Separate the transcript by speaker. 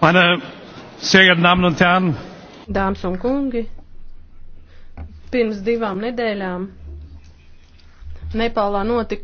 Speaker 1: Meine sehr geehrten Damen und Herren,
Speaker 2: Dāmas
Speaker 3: un kungi,
Speaker 4: pirms divām nedēļām Nepālā notika.